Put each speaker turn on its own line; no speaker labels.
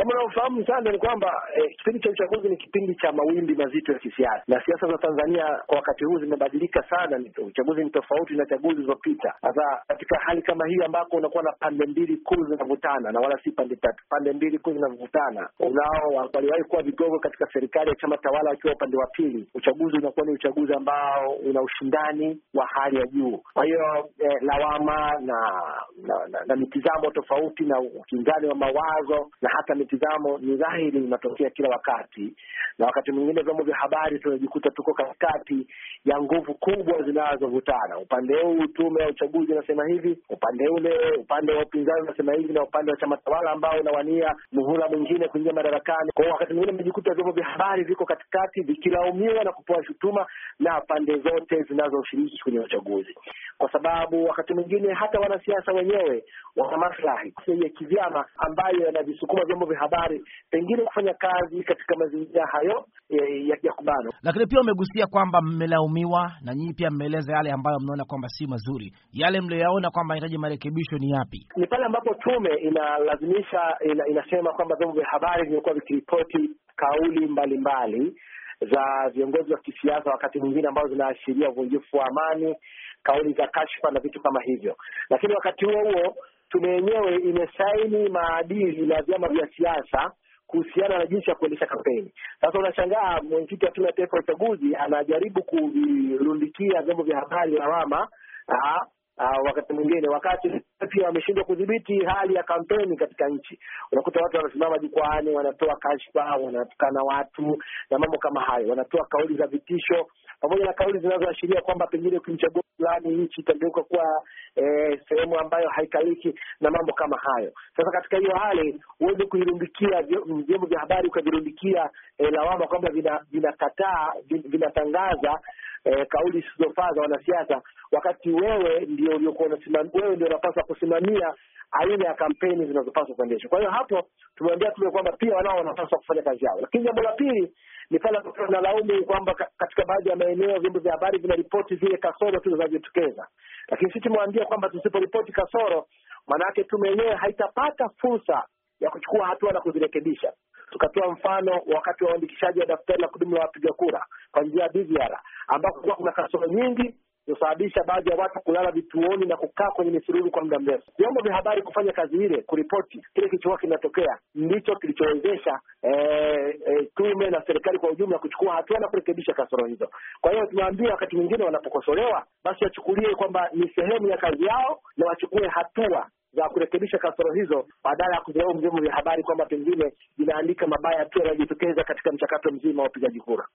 Kama unavyofahamu sana ni kwamba eh, kipindi cha uchaguzi ni kipindi cha mawimbi mazito ya kisiasa, na siasa za Tanzania kwa wakati huu zimebadilika sana. Uchaguzi ni tofauti na chaguzi zilizopita. Sasa katika hali kama hii ambako unakuwa na pande mbili kuu zinavutana na wala si pande tatu, pande mbili kuu zinavutana, unao waliwahi kuwa vigogo katika serikali ya chama tawala wakiwa upande wa pili, uchaguzi unakuwa ni uchaguzi ambao una ushindani wa hali ya juu. Kwa hiyo eh, lawama na na, na, na mitizamo tofauti na ukinzani wa mawazo na hata mtizamo ni dhahiri inatokea kila wakati, na wakati mwingine vyombo vya habari tunajikuta tuko katikati ya nguvu kubwa zinazovutana. Upande huu tume ya uchaguzi unasema hivi, upande ule upande wa upinzani unasema hivi, na upande wa chama tawala ambao unawania muhula mwingine kuingia madarakani. Kwa hiyo wakati mwingine amejikuta vyombo vya habari viko katikati vikilaumiwa na kupewa shutuma na pande zote zinazoshiriki kwenye uchaguzi, kwa sababu wakati mwingine hata wanasiasa wenyewe wana maslahi ya kivyama ambayo yanavisukuma vyombo vya habari, pengine kufanya kazi katika mazingira hayo eh, ya, ya kubano. Lakini pia umegusia kwamba mmelaumiwa na nyinyi pia mmeeleza yale ambayo mnaona kwamba si mazuri. Yale mlioyaona kwamba yanahitaji marekebisho ni yapi? Ni pale ambapo tume inalazimisha ina, inasema kwamba vyombo vya habari vimekuwa vikiripoti kauli mbalimbali mbali za viongozi wa kisiasa wakati mwingine ambazo zinaashiria uvunjifu wa amani, kauli za kashfa na vitu kama hivyo. Lakini wakati huo huo tume yenyewe imesaini maadili na vyama vya siasa kuhusiana na jinsi ya kuendesha kampeni. Sasa unashangaa mwenyekiti wa Tume ya Taifa ya Uchaguzi anajaribu kuvirundikia vyombo vya habari lawama wakati mwingine, wakati pia wameshindwa kudhibiti hali ya kampeni katika nchi. Unakuta watu wanasimama jukwaani, wanatoa kashfa, wanatukana watu na mambo kama hayo, wanatoa kauli za vitisho pamoja na kauli zinazoashiria kwamba pengine ukimchagua fulani nchi itageuka kuwa eh, sehemu ambayo haikaliki na mambo kama hayo. Sasa katika hiyo hali huweze kuirundikia vyombo vya habari ukavirundikia eh, lawama kwamba vinakataa vinatangaza eh, kauli zisizofaa za wanasiasa, wakati wewe ndio uliokuwa unasimam, wewe ndio unapaswa kusimamia aina ya kampeni zinazopaswa kuendeshwa. Kwa hiyo hapo tumeambia tume kwamba pia wanao wanapaswa kufanya kazi yao. Lakini jambo la pili ni pale ambapo tunalaumu kwamba katika baadhi ya maeneo vyombo vya habari vinaripoti zile kasoro tu zinazojitokeza, lakini sisi tumewaambia kwamba tusiporipoti kasoro, maanake tume yenyewe haitapata fursa ya kuchukua hatua na kuzirekebisha. Tukatoa mfano wakati wa uandikishaji wa daftari la kudumu la wapiga kura kwa njia ya BVR ambako kuwa kuna kasoro nyingi kusababisha baadhi ya watu kulala vituoni na kukaa kwenye misururu kwa muda mrefu. Vyombo vya habari kufanya kazi ile, kuripoti kile kilichokuwa kinatokea, ndicho kilichowezesha e, e, tume na serikali kwa ujumla kuchukua hatua na kurekebisha kasoro hizo. Kwa hiyo tunaambia, wakati mwingine wanapokosolewa, basi wachukulie kwamba ni sehemu ya kazi yao na wachukue hatua za kurekebisha kasoro hizo, badala ya kuvilaumu vyombo vya habari kwamba pengine vinaandika mabaya tu yanayojitokeza katika mchakato mzima wa upigaji kura.